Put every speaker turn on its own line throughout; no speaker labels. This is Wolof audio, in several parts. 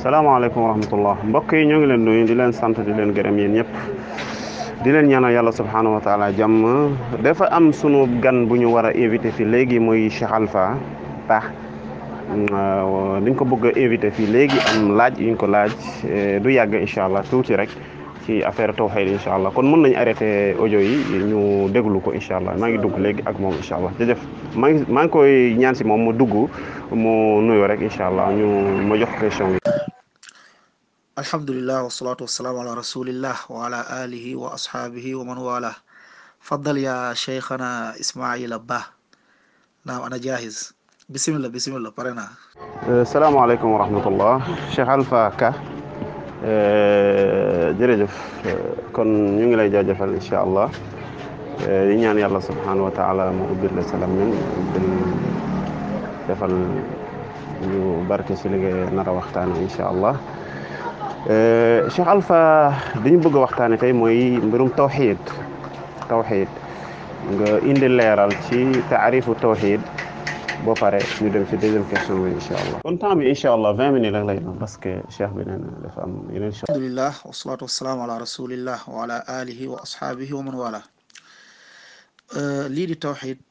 Assalamualaikum warahmatullah. rahmatullah mbokk yi ñoo ngi leen nuyu di leen sant di leen gërëm yeen ñëpp di leen ñaanal yàlla Subhanahu wa taala jàmm dafa am sunu gan bu ñu war a invité fii léegi muy Cheikh Alpha Tah ko bëgg a invité fii am laaj yuñ ko laaj e, du yàgg incha allah tuuti rek ci affaire tawhid allah kon mën nañ arrêté audio yi ñu déglu ko incha allah maa ngi dugg léegi ak moom incha allah jëjëf maa ngi maa ngi koy ñaan si moom mu dugg mu nuyoo rek allah ñu ma jox question yi
الحمد لله والصلاة والسلام على رسول الله وعلى آله وأصحابه ومن والاه فضل يا شيخنا إسماعيل أبا نعم أنا جاهز بسم الله بسم الله برنا
السلام عليكم ورحمة الله شيخ ألفا كا آه، جرجف آه، كن ينجل جاجف إن شاء الله إن آه، يعني الله سبحانه وتعالى مؤبر لسلام من جفل يبارك سلقه نرى وقتنا إن شاء الله Cheikh Alpha dañu bëgg a waxtaane tey mooy mbirum tawxiid tawxiid nga indi leeral ci taarifu tawxiid boo pare ñu dem ci deuxième question bi incha allah kon temps bi incha allah vingt minutes rek lay doon parce que cheikh bi nee na dafa am yeneen
alhamdulillah wasalaatu wasalaamu ala rasulillah wa ala alihi wa ashaabihi wa man wala lii di tawxiid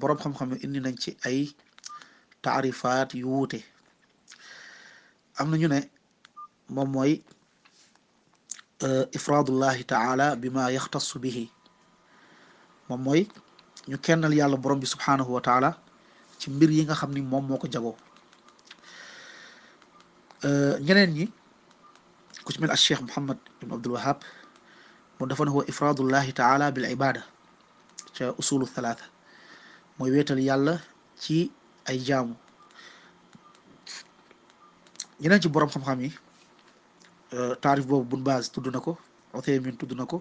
boroom xam-xam indi nañ ci ay taarifaat yu wuute am na ñu ne moom mooy euh, ifraadullahi taala bi ma yaxtasu bihi moom mooy ñu kennal yàlla borom bi subhaanahu wa ci mbir yi nga xam ni moom moo ko jagoo euh, ñeneen ñi ku ci mel al cheikh Muhammad ibn Abdul Wahab mu dafa ne huwa ifraadullahi taala bil ibada ca usulu mooy wéetal yàlla ci ay jaamu ñeneen ci borom xam-xam yi Euh, taarif boobu Bun Baaz tudd na ko Uthaymin tudd na ko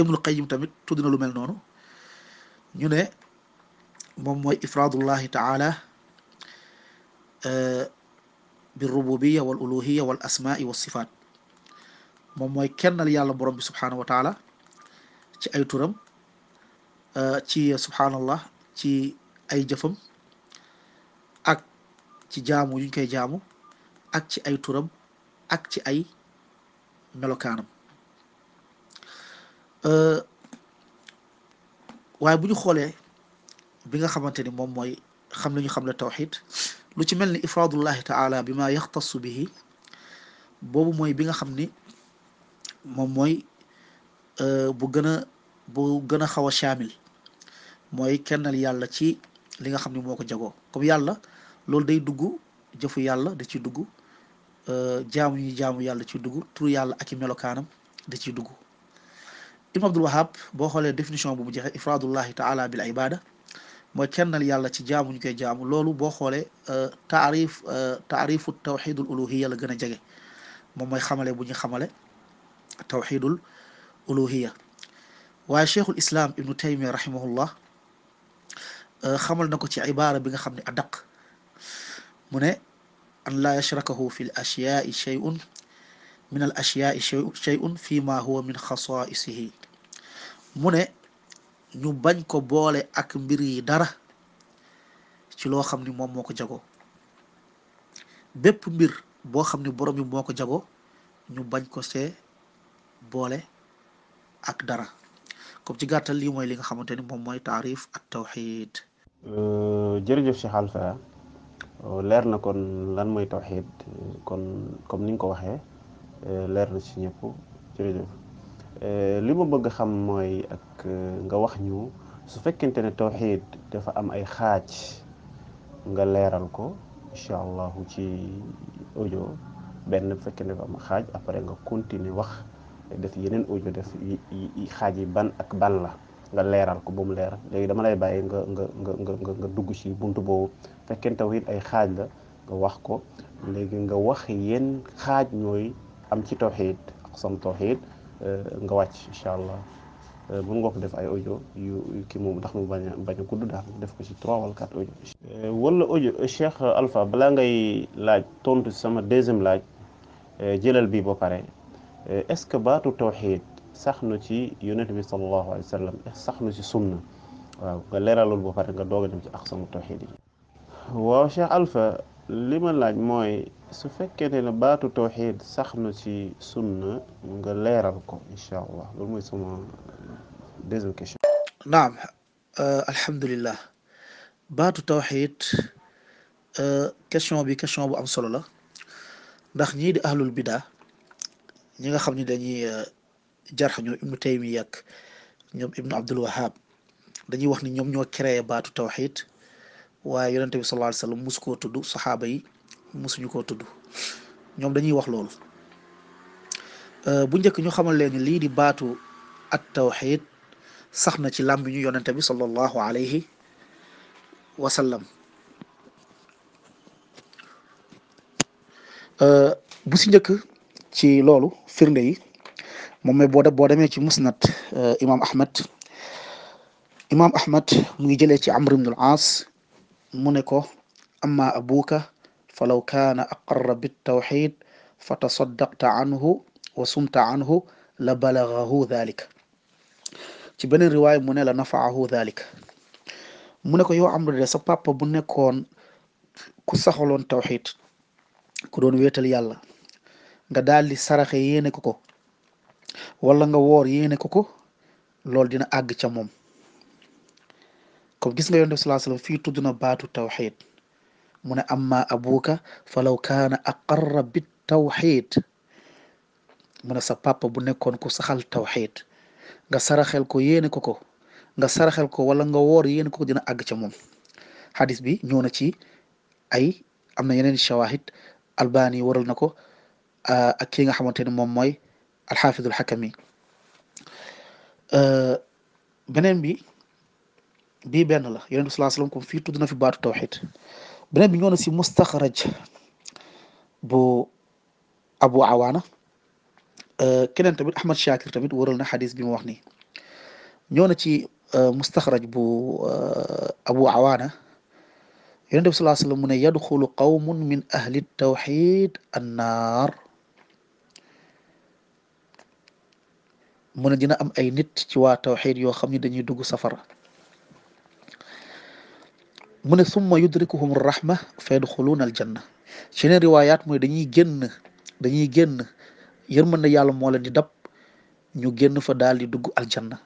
Ibnul tamit tudd na lu mel noonu ñu ne moom mooy ifraadullahi taala euh, bi rububiya wal wa sifaat moom mooy kennal yàlla borom bi subhaanahu wa taala ci ay turam euh, ci subhaanallah ci ay jëfam ak ci jaamu yuñ koy jaamu ak ci ay turam ak ci ay melokaanam euh, waaye bu ñu xoolee bi nga xamante ni moom mooy xam li xam la tawxid lu ci mel ni ifradullahi taala bi ma yaxtasu bihi boobu mooy bi nga xam ni moom mooy euh, bu gën a bu gën a xaw a caamil mooy kenn yàlla ci li nga xam ni moo ko jagoo comme yàlla loolu day dugg jëfu yàlla da ciy dugg Euh, jaamu ñuy jaamu yàlla ci dugg tur yàlla ak i melokaanam da ciy dugg ibn abdul wahab boo xoolee définition bu mu jeexee ifradullahi taala bil ibada mooy kennal yàlla ci jaamu ñu koy jaamu loolu boo xoolee euh, taarif euh, taarifu tawxidul uluhiya la gën a jege moom mooy xamale bu ñu xamale tawxidul uluhiya waaye cheikhul islam ibnu taymia rahimahullah xamal na ko ci ibaara bi nga xam ne adaq mu ne an laa yashrakahu fi l ashyaai shay'un min al ashyaai shay'un huwa min xasaisihi mu ne ñu bañ ko boole ak mbir yi dara ci loo xam ni moom moo ko jago bépp mbir boo xam ni borom bi moo ko jago ñu bañ ko see boole ak dara comme ci gàttal lii mooy li nga xamante ni moom mooy taarif at tawxid
euh, jërëjëf Cheikh Euh, leer na kon lan mooy tawxiid kon comme ni nga ko waxee euh, leer na ci ñëpp euh, li ma bëgg xam mooy ak nga wax ñu su fekkente ne tawxiid dafa am ay xaaj nga leeral ko incha allahu ci audio benn bu fekkee am xaaj après nga continuer wax def yeneen audio def xaaj yi ban ak ban la nga leeral ko ba mu leer léegi dama lay bàyyi nga nga nga nga dugg ci bunt boobu fekkeen tawhid ay xaaj la nga wax ko léegi nga wax yenn xaaj ñooy am ci tawhid aqsam tawhid euh, nga wàcc incha allah euh, mën nga ko def ay audio yu ki moom ndax mu bañ a bañ a daal def ko ci trois wala quatre audio euh, wala ojo Cheikh Alpha balaa ngay laaj tontu sama deuxième laaj jëlal bi ba pare est-ce que baatu tawhid sax na ci yonent bi sallallahu alayhi wa sallam ci sunna waaw nga leeralul ba pare nga doog dem ci aqsamu tawxiid yi waaw Cheikh Alpha li ma laaj mooy su fekkee ne baatu tawxiid sax ci sunna nga leeral ko incha
allah loolu mooy sama deuxième question. naam alhamdulilah baatu tawxiid question bi question bu am solo la ndax ñii di ahlul bidaa ñi nga xam dañuy. jarx ñoom ibnu taymiya ak ñoom ibnu abdul wahab dañuy wax ni ñoom ñoo créé baatu tawxid waaye yonente bi sallallahu alayhi wasallam musu koo tudd saxaaba yi musuñu koo tudd ñoom dañuy wax loolu euh, bu njëkk ñu xamal leen ni lii di baatu at tawxid sax na ci làmb ñu yonente bi sallallahu alayhi wasallam euh, bu si njëkk ci loolu firnde yi moom mooy boo boo demee ci musnad euh, imam ahmad imam ahmad mu ngi jëlee ci amr ibnul aas mu ne ko amma abuka fa law kaana aqarra bitawxid fa tasaddaqta anhu wa sumta la balagahu dalik ci beneen riwaay mu ne la nafaahu dalik mu ne ko yow amr de sa papa bu nekkoon ku saxaloon tawxid ku doon wéetal yàlla nga daal di saraxe yéene ko walla nga woor yéene ko ko loolu dina àgg ca moom comme gis nga yonent bi salaa sallam fii tudd na baatu tawxid mu ne amma abuka falaw kaana aqarra bit tawxid mu ne sa papa bu nekkoon ku saxal tawxid nga saraxel ko yéene ko ko nga saraxel ko wala nga woor yéene ko dina àgg ca moom xadis bi ñëw na ci ay am na yeneen shawahid albani waral na ko ah, ak ki nga xamante ne moom mooy alxaafidu alxakami beneen bi bii benn la yonent bi salaa salaam comme fii tudd na fi baatu tawxid beneen bi ñoo na si mustaxraj bu abu awaana keneen tamit ahmad shakir tamit wëral na xadis bi mu wax nii ñoo na ci mustaxraj bu abu awaana yonent bi salaa salaam mu ne yadxulu qawmun min ahli tawxid annaar mu ne dina am ay nit ci waa tawxiid yoo xam ne dañuy dugg safara mu ne summa yudrikuhum rahma fa yadxuluuna aljanna ci yeneen riwaayaat mooy dañuy génn dañuy génn yërmande yàlla moo leen di dab ñu génn fa daal di dugg aljanna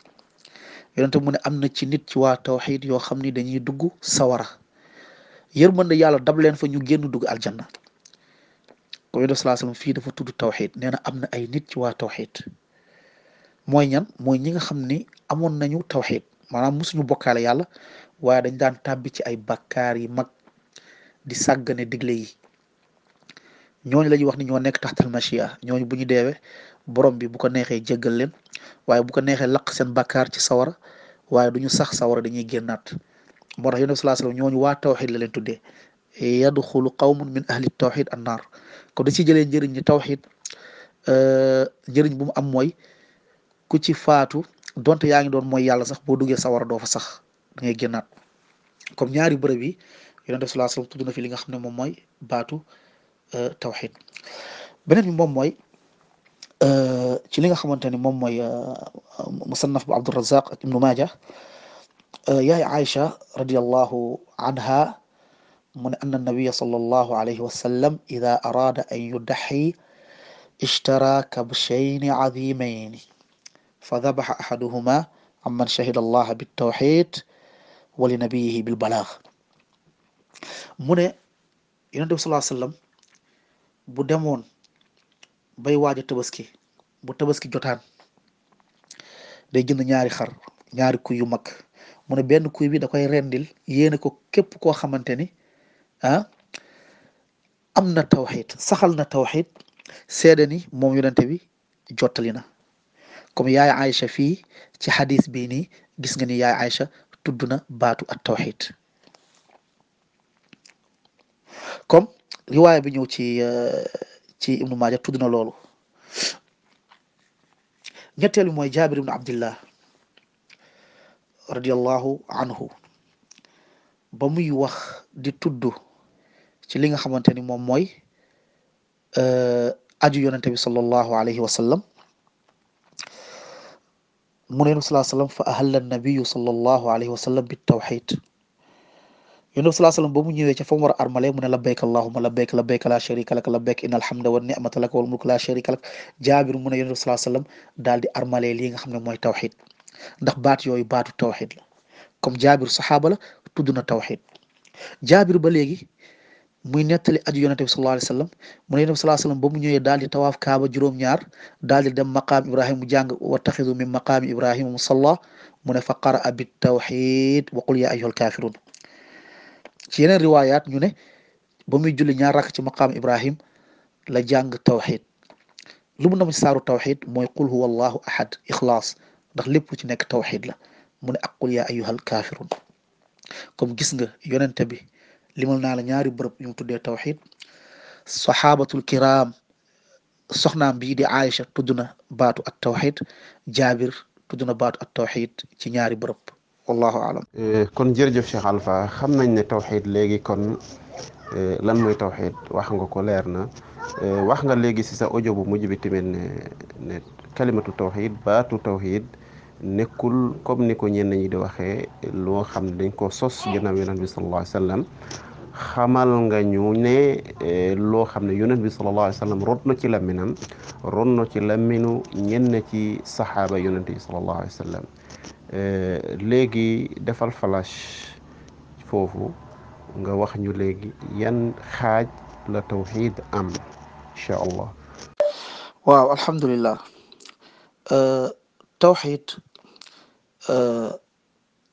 yonente mu ne am na ci nit ci waa tawxiid yoo xam ni dañuy dugg sawara yërmande yàlla dab leen fa ñu génn dugg aljanna ko yonente salaa sallam fii dafa tudd tawxiid ne na am na ay nit ci waa tawxiid moy ñan moy ñi nga xamni amon nañu tawhid manam musuñu bokkaale yalla waye dañ daan tabbi ci ay bakkar yi mag di sagane digle yi ñoñu lañu wax ni ñoo nek taxtal machia ñoñu buñu ñu borom bi bu ko nexé jéggal leen waye bu ko nexé laq seen bakkar ci sawara waye duñu sax sawara dañuy gennat mo tax yunus sallallahu alayhi wasallam ñoñu wa tawhid la leen tuddé yadkhulu qawmun min ahli an-nar ko da ci jëlé jëriñ ni euh jëriñ bu mu am moy ku ci faatu donte yaa ngi doon mooy yàlla sax boo duggee sawara doo fa sax da ngay génnaat comme ñaari bërëb yi yonent def sallallahu alayhi wasallam tudd na fi li nga xam ne moom mooy baatu tawxid beneen bi moom mooy ci li nga xamante ni moom mooy musannaf bu Abdurrazaq ak Ibnu Maaja yaay aisha radiyallahu anha mu ne anna nabiya sallallahu alayhi wa sallam ida arada an yudaxi ishtara kabshayni adimayni fa dabaxa ahaduhuma amman shahida allaha bitawxid wa li nabiyihi bil balaax mu ne yonente bi salaa sallam bu demoon bay waaja tabaski bu tabaski jotaan day jënd ñaari xar ñaari kuy yu mag mu ne benn kuy bi da koy rendil yéene ko képp koo xamante ni ah am na tawxid saxal na tawxid seede ni moom yonente bi jottali na comme yaay Aïcha fi ci hadith bi ni gis nga ni yaay Aïcha tuduna batu at tawhid comme riwaya bi ñew ci euh, ci ibnu majah tuduna lolu ñettel moy jabir ibn abdullah radiyallahu anhu ba muy wax di tuddu ci li nga xamanteni ni moy euh aju yonente bi sallallahu alayhi wa sallam mu ne salaa sallam fa ahalla nabiyu sallallahu alayhi wa sallam bi tawxid yonent bi salaa sallam ba ñëwee ca fa mu war a armale mu ne labbayk allahuma labbayk la sharika lak labbayk inna alhamda wa nicmata lak wal mulk la sharika lak jaabir mu ne yonent bi salaa sallam di armale lii nga xam ne mooy tawxid ndax baat yooyu baatu tawxid la comme jaabir saxaabala la tudd na tawxid jaabir ba léegi muy nettali aju yonente bi sallallahu alayhi wa sallam mu ne yonente bi sallallahu alayhi wa ba mu ñëwee daal di tawaaf kaaba juróom-ñaar daal di dem maqaam ibrahima mu jàng wa taxidu min maqaami ibrahima musalla mu ne fa qaraa bi tawxid wa qul yaa ayyuhal kafirun ñu ne ba muy julli ñaar ci maqaam ibrahim la jàng tawxid lu mu nam ci saaru tawxid mooy qul huwa allahu ahad lépp lu ci nekk tawxid la mu ne ak qul gis nga yonente bi limo naa ñaari bërëb yu tuddee tawxid saxaabatul kiram soxnaam bii di Aïcha tudd na baatu at tawxid jaabir tudd na baatu at tawxid ci ñaari bërëb wallahu alam
eh, kon jërëjëf Cheikh Alpha xam nañ ne tawxid léegi kon eh, lan mooy tawxid wax nga ko leer na eh, wax nga léegi si sa audio bu mujj bi tamit ne kalimatu tawxid baatu tawxid nekkul comme ni ko ñenn ñi di waxe loo xam ne dañ ko sos ginnaaw yonent bi sallallahu alayhi wa sallam xamal nga ñu ne eh, loo xam ne yonent bi sallallahu alayhi wa sallam rot ci làmminam rot na ci làmminu ñenn ci saxaaba yonent bi sallallahu alayhi wa eh, léegi defal flash foofu nga wax ñu léegi yan xaaj la tawxiid am
incha allah waaw alhamdulillah eh, التوحيد آه،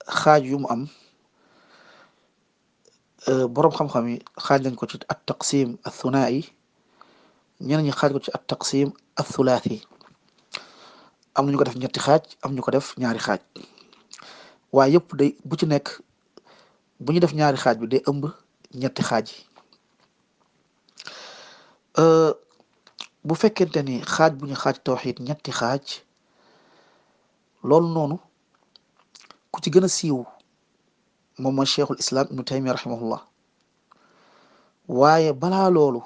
خاج يوم أم آه، برم خم خمي خاج التقسيم الثنائي نين خاج التقسيم الثلاثي أم نيو كدف نيت خاج أم نيو كدف نياري خاج ويب دي بوتي نيك بو نيو دف نياري خاج بي دي أمب نيت خاج آه، بو فكنتني خاج بو نيو خاج توحيد نيت خاج loolu noonu ku ci gën a siiw moom mooy cheikhul islam ibnu taymiya rahimahullah waaye balaa loolu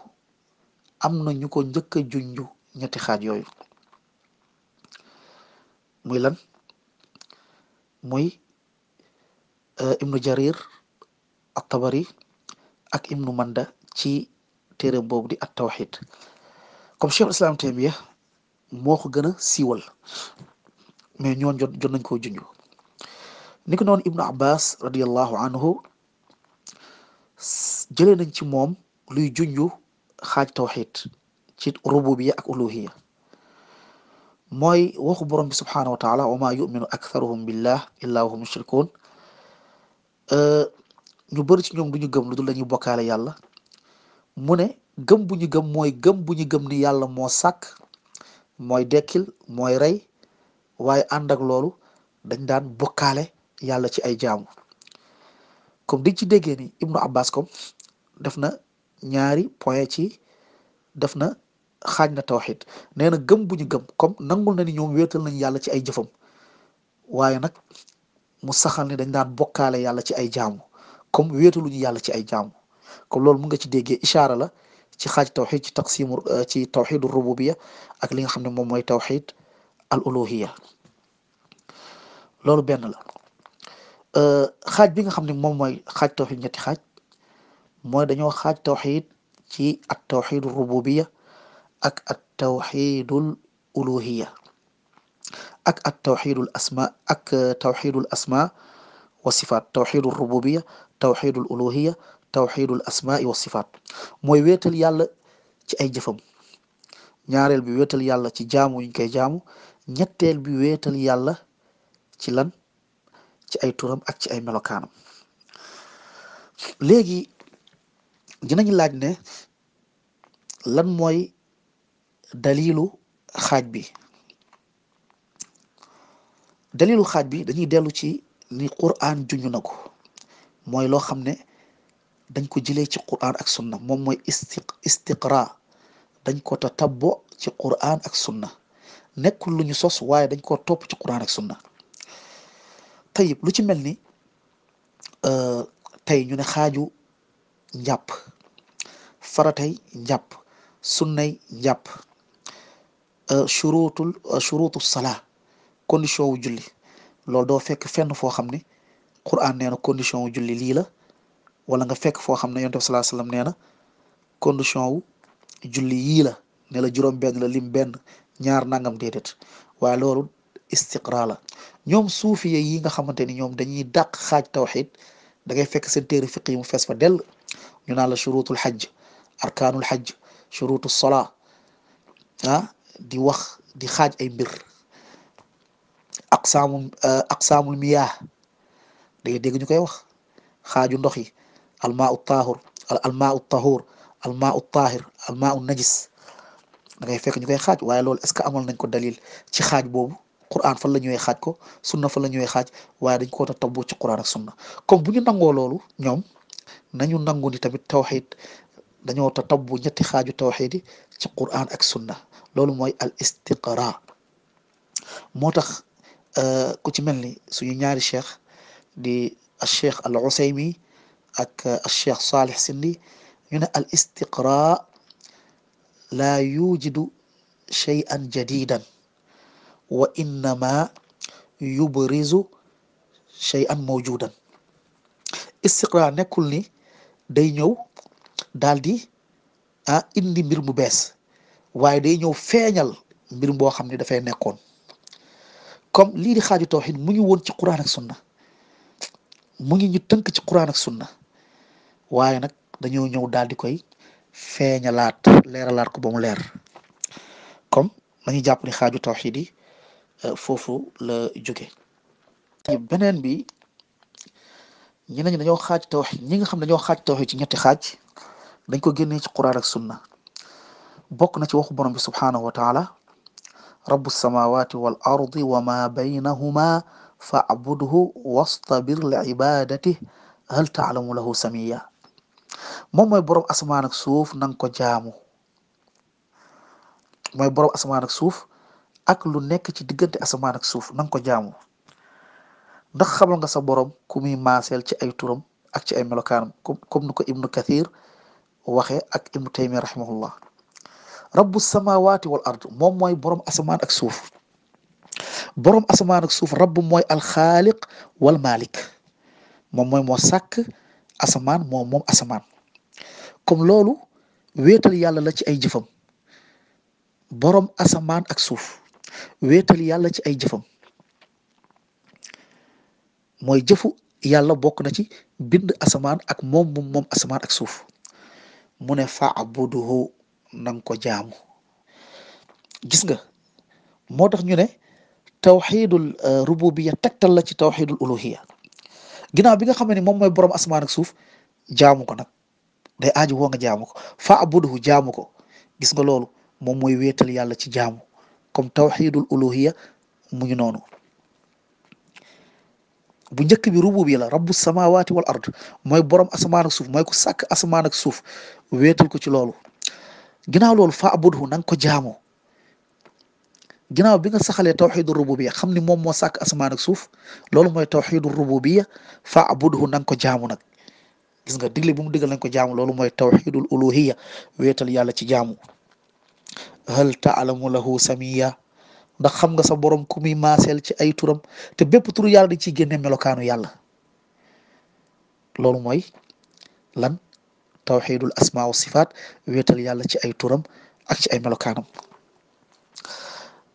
am na ñu ko njëkk a junju ñetti xaaj yooyu muy lan muy euh, ibnu jarir at tabari ak ibnu manda ci téere boobu di at tawxid comme cheikhul islam taymiya moo ko gën a siiwal mais ñoon jot jot nañ ko junj niko non ibnu abbas radiyallahu anhu jëlee nañ ci mom luy junj xaj tawhid ci rububiyya ak uluhiya moy waxu borom bi subhanahu wa taala wa ma yuminu aktharuhum billah illa hum mushrikun ñu bëri ci ñom duñu gëm lu dul dañuy bokkaale yalla mune gëm buñu gëm moy gëm buñu gëm ni yalla mo sak moy dekil moy ray waaye ànd ak loolu dañ daan bokkaale yàlla ci ay jaamu comme diñ ci déggee ni ibnu abbas comme def na ñaari point ci def na xaaj na tawxid nee na gëm bu ñu gëm comme nangul na ni ñoom wéetal nañ yàlla ci ay jëfam waaye nag mu saxal dañ daan bokkaale yàlla ci ay jaamu comme wéetaluñu yàlla ci ay jaamu comme loolu mun nga ci déggee ishaara la ci xaaj tawxid ci taqsimu ci tawxidu rububiya ak li nga xam ne moom mooy tawxid al uluhiya loolu benn la euh, xaaj bi nga xam ne moom mooy xaaj tawxid ñetti xaaj mooy dañoo xaaj tawxid ci at tawxidu rububiya ak at tawxidul uluhiya ak at tawxidul asma ak euh, tawxidul asma wa sifaat tawxidul rububiya tawxidul uluhiya tawxidul asma wa sifaat mooy wéetal yàlla ci ay jëfam ñaareel bi wéetal yàlla ci jaamu yuñ koy jaamu ñetteel bi wéetal yàlla ci lan ci ay turam ak ci ay melokaanam léegi dinañ laaj ne lan mooy dalilu xaaj bi dalilu xaaj bi dañuy dellu ci ni quraan juñu na ko mooy loo xam ne dañ ko jëlee ci quraan ak sunna moom mooy isti istiqra dañ ko tatabbo ci quraan ak sunna nekkul lu ñu sos waaye dañ ko topp ci quraan ak sunna tayib lu ci mel ni euh, tey ñu ne xaaju njàpp faratay njàpp sunnay njàpp churutul euh, churutu euh, salaa condition wu julli loolu doo fekk fenn foo xam ne Qur'an nee na condition wu julli lii la wala nga fekk foo xam ne yonent bi sallallahu alayhi wasallam nee condition wu julli yii la ne la juróom benn la lim benn ñaar nangam déedéet waaye loolu istiqra la ñoom suufiye yi nga xamante ni ñoom dañuy dàq xaaj tawxid da ngay fekk seen téere fiq yi mu fees fa dell ñu naan la churutul xajj arkaanul xajj churutu sola ah di wax di xaaj ay mbir aqsaamu aqsaamul miyaah da ngay dégg ñu koy wax xaaju ndox yi almaau tahur almaau tahur almaau tahir almaau najis da ngay fekk ñu koy xaaj waaye loolu est ce que amal nañ ko dalil ci xaaj boobu quran fan la ñëwee xaaj ko sunna fa la ñëwee xaaj waaye dañ ko ta tabbu ci quran ak sunna comme bu ñu nangoo loolu ñoom nañu nangu ni tamit tawxid dañoo ta tabbu ñetti xaaju tawxid yi ci quran ak sunna loolu mooy al istiqra moo tax euh, ku ci mel ni suñu ñaari cheikh di al cheikh al usaymi ak euh, al cheikh salih sindi ñu ne al istiqra laa yujidu shay'an jadidan wa innama yubrizu shay'an mawjudan istiqraa nekkul ni day ñëw daldi di ah indi mbir mu bees waaye day ñëw feeñal mbir boo xam ne dafay nekkoon comme lii di xaaju tawxid mu ngi woon ci quran ak sunna mu ngi ñu tënk ci quran ak sunna waaye nag dañoo ñëw daal koy feeñalaat leeralaat ko ba mu leer comme nañu jàpp ni xaaju tawxid yi foofu la jóge beneen bi ñeneen ñi dañoo xaaj tawxiid ñi xam ne dañoo xaaj tawxiid ci ñetti xaaj dañ ko génnee ci quraan ak sunna bokk na ci waxu borom bi subhaanahu wa taala rabu samawati wal ardi wa ma baynahuma faabudhu wastabir la ibadatih hal taalamu lahu samiya moom mooy borom asmaan suuf nang ko jaamu mooy borom asmaan suuf ak lu nekk ci diggante asamaan ak suuf na ko jaamu ndax xamal nga sa borom ku muy maaseel ci ay turam ak ci ay melokaanam comme nu ko ibnu kathir waxe ak ibnu taymiya rahimahullah rabbu samawati wal moom mooy borom asamaan ak suuf borom asamaan ak suuf rabbu mooy alxaaliq wal malik moom mooy moo sàkk asamaan moom moom asamaan comme loolu wéetal yàlla la ci ay jëfam borom asamaan ak suuf wéetal yàlla ci ay jëfam mooy jëfu yàlla bokk na ci bind asamaan ak moom moom asamaan ak suuf mu ne fa abuduhu na nga ko jaamu gis nga moo tax ñu ne tawxidul uh, rububiya tegtal la ci tawxidul uluhiya ginnaaw bi nga xam ne moom mooy borom asamaan ak suuf jaamu ko nag de aju woo nga jaamu ko fa abuduhu jaamu ko gis nga loolu moom mooy wéetal yàlla ci jaamu comme tawxidul uluhiya mu ngi noonu bu njëkk bi rububiya la rabbu samawaati wal ard mooy borom asamaan suuf mooy ku sàkk asamaan ak suuf wéetal ko ci loolu ginnaaw loolu fa abudhu na nga ko jaamoo ginnaaw bi nga saxalee tawxidu rububiya xam ni moom moo sàkk asamaan ak suuf loolu mooy tawxidu rububiya fa abudhu na nga ko jaamu nag gis nga digle bu mu digal nañ ko jaamu loolu mooy tawxidul uluhiya wéetal yàlla ci jaamu hal taalamu lahu samiya ndax xam nga sa borom ku muy maaseel ci ay turam te bépp turu yàlla di ciy génne melokaanu yàlla loolu mooy lan tawxidul asmaa wa sifaat wéetal yàlla ci ay turam ak ci ay melokaanam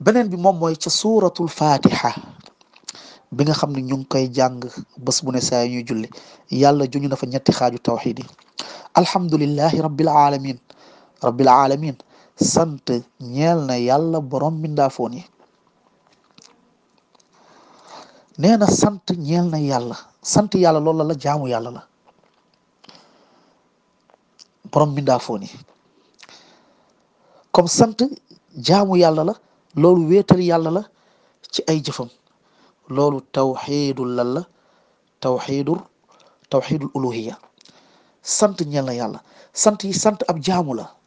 beneen bi moom mooy ca suuratul fatiha bi nga xam ni ñu ngi koy jàng bés bu ne saa ñuy julli yàlla juñu na fa ñetti xaaju tawxid yi alhamdulillahi rabbil alamin sant ñeel na yàlla borom mbindaafoon yi nee na sant ñeel yàlla sant yàlla loolu la jaamu yàlla la borom mbindaafoon yi kom sant jaamu yàlla la loolu wéetal yàlla la ci ay jëfam loolu tawxiidul lan la tawxiidul tawxiidul uluhiya sant ñeel yàlla sant yi sant ab jaamu la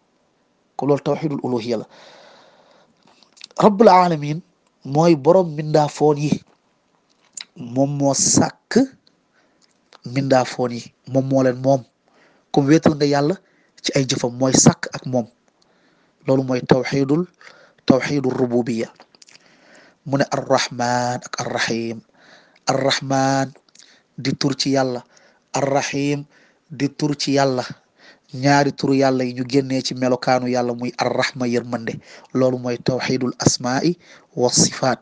loolu tawxidul uluhiya la rabbul alamin mooy borom mbindaafoon yi moom moo sàkk mbindaafoon yi moom moo moom comme wéetal nga yàlla ci ay jëfam mooy sàkk ak moom loolu mooy tawxidul tawxidul rububiya mu ne arrahman ak arrahim arrahman di tur ci yàlla arrahim di tur ci yàlla ñaari turu yàlla yi ñu génnee ci melokaanu yàlla muy arrahma yërmande loolu mooy tawxidul asma'i wa sifaat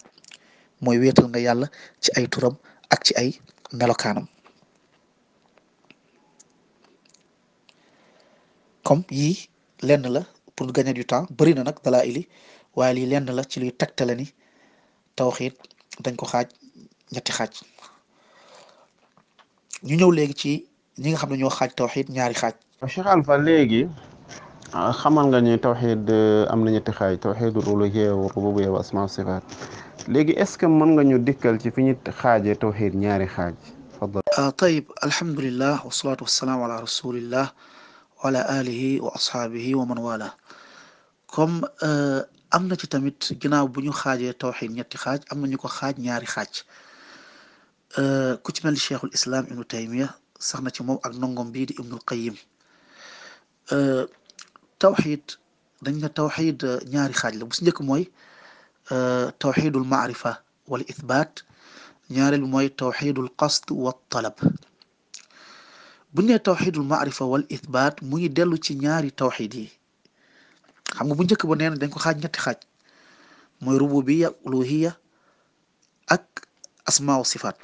mooy wéetal nga yàlla ci ay turam ak ci ay melokaanam comme yii lenn la pour gagner du temps bëri na nag dalaa waaye lii lenn la ci luy tegtale ni tawxiid dañ ko xaaj ñetti xaaj ñu ñëw léegi ci ñi nga xam ne ñoo xaaj tawxiid ñaari xaaj Ah, Cheikh Alpha léegi ah, xamal nga ñu tawxiid
eh, am na ñetti xaaj tawxiidul uluhiyya wa rububiyya wa asmaa sifaat léegi es ce que mën
nga ñu dikkal ci fi ñu xaajee tawxiid ñaari xaaj fadal ah, tayib alhamdulillah wasalaatu wasalaamu ala rasulillah wa ala alihi wa ashaabihi wa man wala comme eh, am na ci tamit ginnaaw bu ñu xaajee tawxiid ñetti xaaj am na ko xaaj ñaari xaaj eh, ku ci mel ni cheikhul islam ibnu taymiya sax na ci moom ak nongom bii di ibnul آه، توحيد دنيا توحيد آه، نياري خالي بس نيك موي آه، توحيد المعرفة والإثبات نياري الموي توحيد القصد والطلب بني توحيد المعرفة والإثبات موي دلو تي نياري توحيدي خمو بني كبو نيانا دنكو خاج نياتي خاج موي ربوبية ألوهية أك أسماء وصفات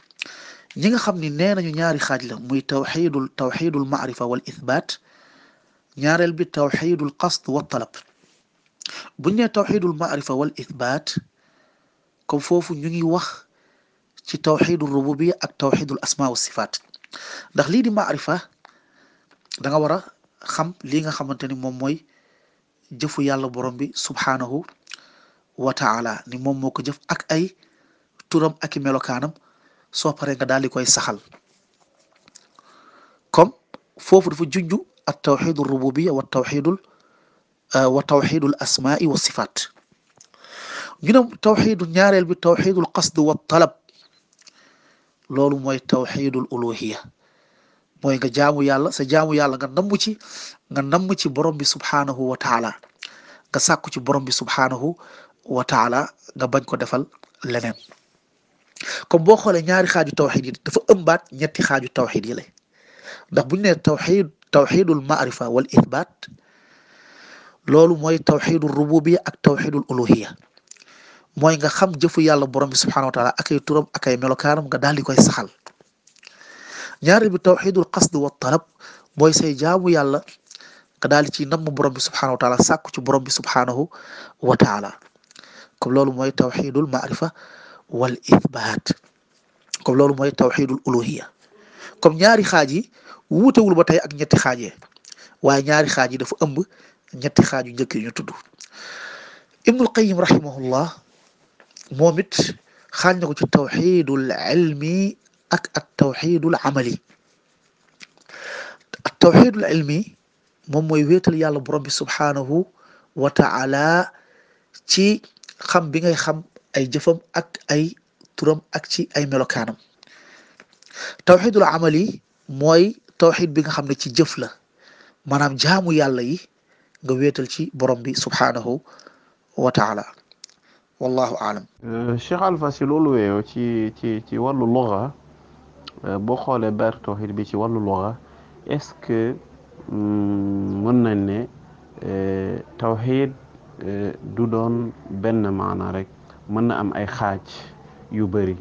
نيغا خمني نيانا نياري خاج موي توحيد, توحيد المعرفة والإثبات ñaareel bi tawxidul qasd wa talab buñ ne tawxidul maarifa wal ithbaat comme foofu ñu ngi wax ci tawxidul rububiya ak tawxidul asma wa sifaat ndax lii di maarifa da nga war a xam lii nga xamante ni moom mooy jëfu yàlla borom bi subhaanahu wa taala ni moom moo ko jëf ak ay turam ak i melokaanam soo paree nga daal di koy saxal comme foofu dafa junju التوحيد الربوبية والتوحيد وتوحيد الأسماء والصفات ñu ne tawxiidu ñaareel bi tawxiidul qasd wa talab loolu mooy tawxiidul uluhiya mooy nga jaamu yàlla sa jaamu yàlla nga namm ci nga namm ci borom bi subhaanahu wa taala nga sàkku ci borom bi subhaanahu wa taala nga bañ ko defal leneen comme boo xoolee ñaari xaaju tawxiid yi dafa ëmbaat ñetti xaaju tawxiid yi la ndax bu ñu nee tawxiid tawxiidul maarifa wal ithbaat loolu mooy tawxiidul rububiya ak tawxiidul uluhiya mooy nga xam jëfu yàlla borom bi subxanahu wa taala ak ay turam ak ay melokaanam nga daal di koy saxal ñaareel bi tawxiidul qasd wa talab mooy say jaamu yàlla nga daal di ci namm borom bi subxanahu wa taala sàkku ci borom bi subxanahu wa taala comme loolu mooy tawxiidul maarifa wal ithbaat comme loolu mooy tawxiidul uluhiya comme ñaari xaaj yi. wuutewul ba tey ak ñetti xaaj waaye ñaari xaaj yi dafa ëmb ñetti xaaj yu njëkk yi ñu tudd ibnul qayim rahimahullah moom it xaaj na ko ci tawxidul ilmi ak ak tawxidul amali ak tawxidul ilmi moom mooy wéetal yàlla borom bi subhaanahu wa taala ci xam bi ngay xam ay jëfam ak ay turam ak ci ay melokaanam tawxidul amali mooy tawxid bi nga xam ne ci jëf la maanaam jaamu yàlla yi nga wéetal ci borom bi subhaanahu wa taala wallahu aalam euh, Cheikh Alpha ci
ci ci wàllu luga euh, boo xoolee baat tawxid bi ci wàllu luga est-ce que mm, mën nañ ne euh, tawxid du doon benn maana rek mën na am ay xaaj yu bari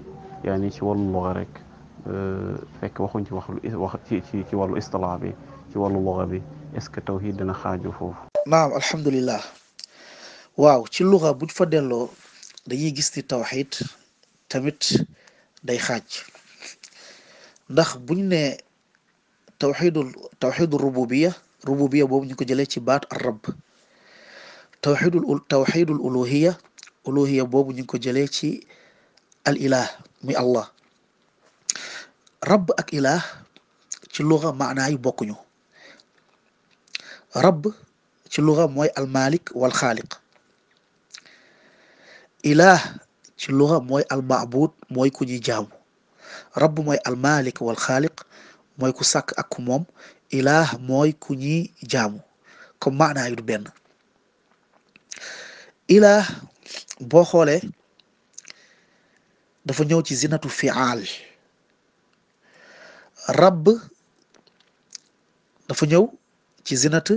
yaani ci wàllu luga rek Euh, fekk waxuñ ci wax wax ci ci ci wàllu istilaa bi ci wàllu luxa bi est-ce que tawhid dana xaaju foofu
naam alhamdulillah waaw ci luxa buñ fa delloo dañuy gis ni tawxid tamit day xaaj ndax buñ ne tawxidul tawxidul rububiya rububiya boobu ñu ko jëlee ci baat arab tawxidul tawxidul uluhiya uluhiya boobu ñu ko jëlee ci al ilah muy allah rabb ak ilah ci luga maanaa yu bokkuñu rabb ci luga mooy almalik wal xaaliq ilah ci luga mooy almaabud mooy ku ñuy jaamu rabb mooy almalik wal xaaliq mooy ku sakk ak ku moom ilah mooy ku ñuy jaamu comme maanaa yu du benn ilah boo xoolee dafa ñëw ci zinatu fi'al رب دافا نيو تي زينات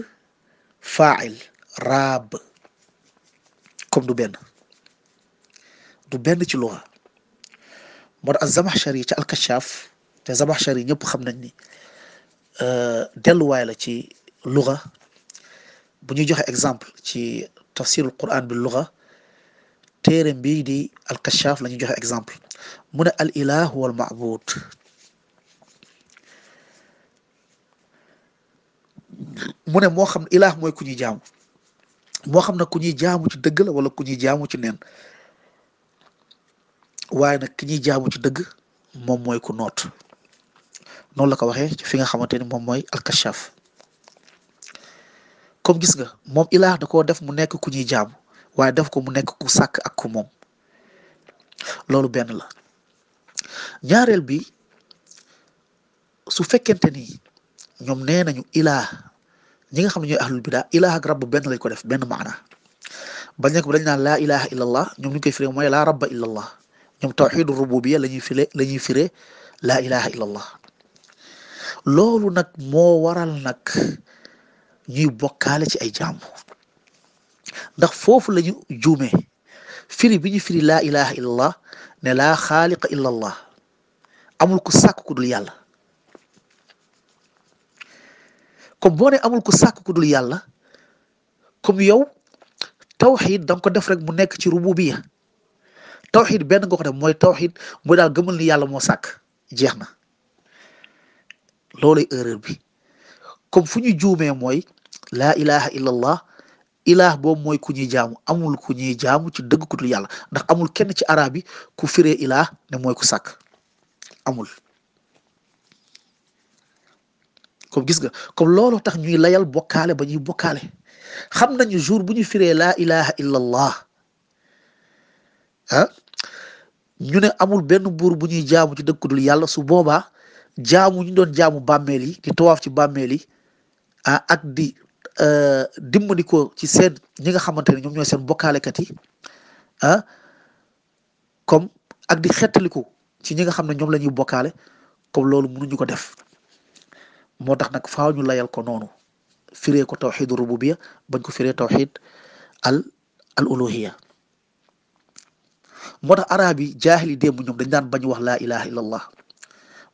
فاعل راب كوم دو بن دو بن تي لغه مود الزمحشري تي الكشاف تي الزمحشري نيب خم نني ا دل واي لا تي لغه بو ني جوخ اكزامبل تي تفسير القران باللغه تيرم بي دي الكشاف لا ني جوخ اكزامبل من الاله والمعبود mu ne moo xam ilaah mooy ku ñuy jaamu moo xam nag ku ñuy jaamu ci dëgg la wala ku ñuy jaamu ci neen waaye nag ki ñuy jaamu ci dëgg moom mooy ku noot noonu la ko waxee ci fi nga xamante ni moom mooy alkashaf comme gis nga moom ilaah da koo def mu nekk ku ñuy jaamu waaye def ko mu nekk ku sàkk ak ku moom loolu benn la ñaareel bi su fekkente ni ñoom nee nañu ilaah ñi nga xam ne ñooy ahlul bidaa ilaah ak rabb benn lañ ko def benn maana bañ nekk bi dañ naan la ilaha illa allah ñoom ñu koy fire mooy laa rabba illa allah ñoom tawxidu rububiyya la ñuy file la ñuy firee laa ilaha illa allah loolu nag moo waral nag ñuy bokkaale ci ay jàmm ndax foofu la ñu juumee firi bi ñu firi laa ilaha illa allah ne laa xaaliqa illa allah amul ku sàkk ku dul yàlla comme boo ne amul ku sàkk ku dul yàlla comme yow tawxiid da ko def rek mu nekk ci rububiya tawxiid benn nga ko mooy tawxiid mooy daal gëmal ni yàlla moo sàkk jeex na loolay erreur bi comme fu ñu juumee mooy laa ilaha illallah ilaah boobu mooy ku ñuy jaamu amul ku ñuy jaamu ci dëgg ku dul yàlla ndax amul kenn ci arab yi ku firee ilaah ne mooy ku sàkk amul comme gis nga comme loolu tax ñuy layal bokkaale ba ñuy bokkaale xam nañu jour bu ñu firee laa ilaha illa allah ah ñu ne amul benn buur bu ñuy jaamu ci dëkk dul yàlla su boobaa jaamu ñu doon jaamu bàmmeel yi di tawaaf ci bàmmeel yi a ah, ak di euh, dimbali ko ci seen ñi nga xamante ne ñoom ñooy seen bokkaalekat yi ah comme ak di xettaliku ci ñi nga xam ne ñoom lañuy ñuy bokkaale comme loolu mënuñu ko def moo tax nag faaw ñu layal ko noonu firee ko tawxidu rububiya bañ ko firee tawxid al al uluhiya moo tax arab yi jaahil yi démb ñoom dañ daan bañ wax laa ilaha illallah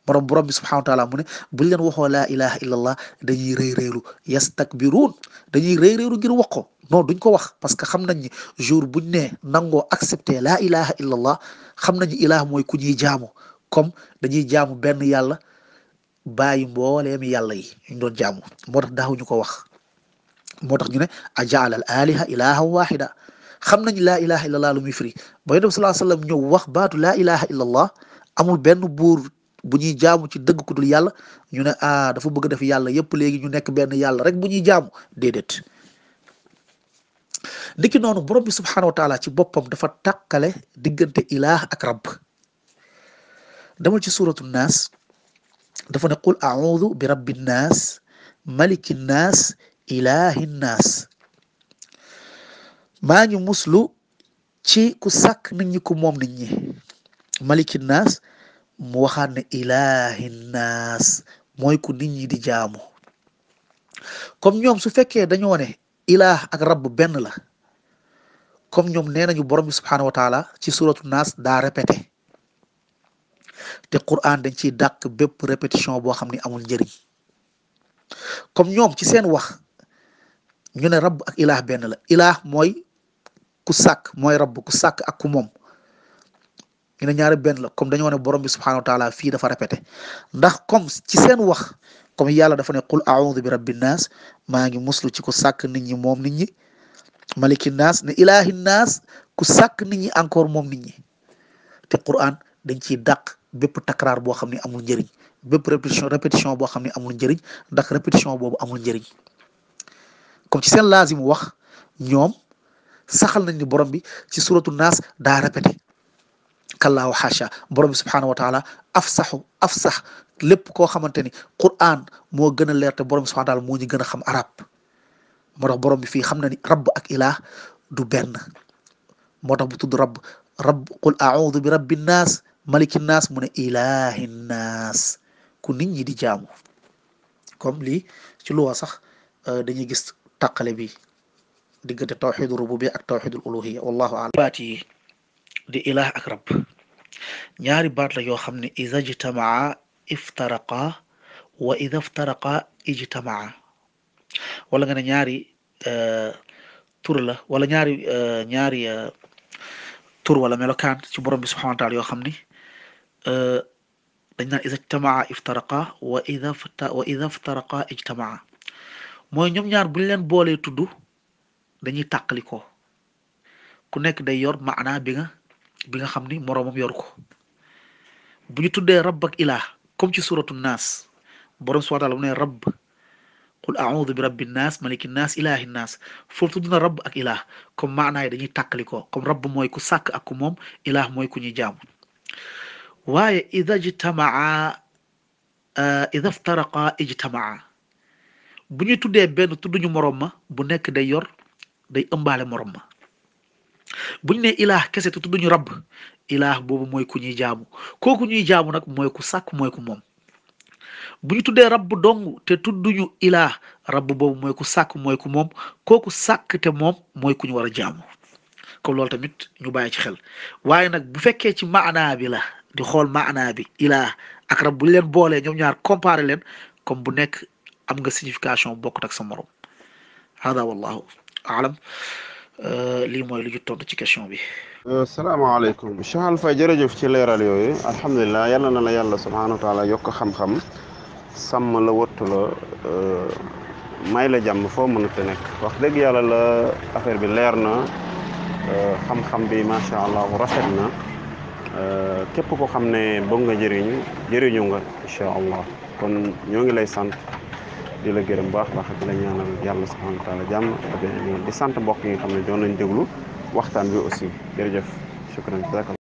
borom borom bi subhanahu wa taala mu ne buñ leen waxoo laa ilaha illallah dañuy rëy réeru yastakbiruun dañuy rëy ngir wax ko non duñ ko wax parce que xam nañ ni jour buñ ne nangoo accepté laa ilaha illallah xam nañ ilaah mooy ku ñuy jaamu comme dañuy jaamu benn yàlla bàyyi mbooleem yalla yi ñu doon jaamu moo tax wax motax ñu ne ajaala al aliha ilaha wahida xam nañ laa ilaha illallah lu muy firi ba sallallahu bi wasallam ñu wax baatu la ilaha allah amul benn bur bu jaamu ci deug ku dul ñu ne ah dafa bëgg def yalla yépp léegi ñu nekk benn yalla rek bu ñuy jaamu dedet niki nonu borom bi subhanahu wa taala ci bopam dafa takale diggante ak rabb ci suratul nas dafa ne qul audu bi rabbi nnaas maliki nnaas ilaahi nnaas maa ngi muslu ci ku sàkk nit ku moom nit ñi maliki nnaas ne ilaahi nnaas mooy ku nit di jaamu comme ñoom su fekkee dañoo ne ilaah ak rabb benn la comme ñoom nee nañu borom bi subhaanahu wa taala ci suratu naas daa répété te Qur'an dañ ci dàq bépp répétition boo xam ni amul njëriñ comme ñoom ci seen wax ñu ne rabb ak ilaah benn la ilaah mooy ku sàkk mooy rabb ku sàkk ak ku moom ñu ne ñaari benn la comme dañoo ne borom bi subhanahu wa taala fii dafa répété ndax comme ci seen wax comme yàlla dafa ne qul a'udhu bi rabbi naas maa ngi muslu ci ku sàkk nit ñi moom ni ñi maliki naas ne ilaahi naas ku sàkk nit ñi encore moom ni ñi te Qur'an dañ ci dàq bépp takraar boo xam ne amul njëriñ bépp répétition répétition boo xam ne amul njëriñ ndax répétition boobu amul njëriñ comme ci seen laazim wax ñoom saxal nañ ni borom bi ci suratu naas daa répété kallaahu xaasha borom bi subhaanahu wa taala af saxu af sax lépp koo xamante ni Qur'an moo gën a leer te borom bi subhaanahu moo ñu gën a xam arab moo tax borom bi fii xam na ni rabb ak ilaah du benn moo tax bu tudd rabb qul audu bi rabbi naas malikin nas mune ne nas ku nit ñi di jaamu comme li ci luwa sax dañuy gis takale bi digënté tawxidu rububiya ak tawxidul uluhiya wallahu alam bati di ilah ak rab ñaari baat la yo xamni iza jitamaa iftaraqa wa iza iftaraqa ijtamaa wala nga ne ñaari eh, tur la wala ñaari eh, ñaari eh, tur wala melokan ci borom bi subhanahu wa taala yo xamni dañ na ijtamaa iftaraqa wa idha fta wa idha iftaraqa ijtamaa moy ñom ñaar buñ leen boole tuddu dañuy takliko ku nekk day yor maanaa bi nga bi nga xamni ni moroomam yor ko bu ñu tuddee rabb ak ilah comme ci suratul nas borom subhanahu wa ta'ala ne rabb qul a'udhu bi rabbin nas malikin nas ilahin nas foofu tudd na rabb ak ilah comme maanaa yi dañuy takliko comme rabb moy ku sak ak mom moom ilah mooy ku ñuy jaamu waaye ida jtamaa ida ftaraqa ijtamaa bu ñu tuddee benn tudduñu moroom ma bu nekk day yor day ëmbaale moroom ma bu ñu nee ilaah kese te tudduñu rab ilaah boobu mooy ku ñuy jaamu kooku ñuy jaamu nag mooy ku sàkk mooy ku moom bu ñu tuddee rabb dong te tudduñu ilaah rabb boobu mooy ku sàkk mooy ku moom kooku sàkk te moom mooy ku ñu war a jaamu ko loolu tamit ñu bàyyi ci xel waaye nag bu fekkee ci maanaa bi la di xool maanaa bi ilaa ak rab bu leen boolee ñoom ñaar comparé leen comme bu nekk am nga signification bokkut ak sa morom hada wallahu alam lii mooy lu ñu tontu ci question bi
salaamaaleykum Cheikh Alpha jërëjëf ci leeral yooyu alhamdulilah yàlla na la yàlla subhanahu wa taala yokk xam-xam sàmm la wattu la may la jàmm foo mënut a nekk wax dëgg yàlla la affaire bi leer na xam-xam bi macha allah rafet na Euh, képp koo xam ne bëgg nga jëriñu jëriñu nga incha allah kon ñoo ngi lay sant di la gërëm baax baax di la ñaanal yàlla subhanahu wa taala jàmm di sant mbokk yi xam ne doon nañ déglu waxtaan bi aussi jërëjëf shukran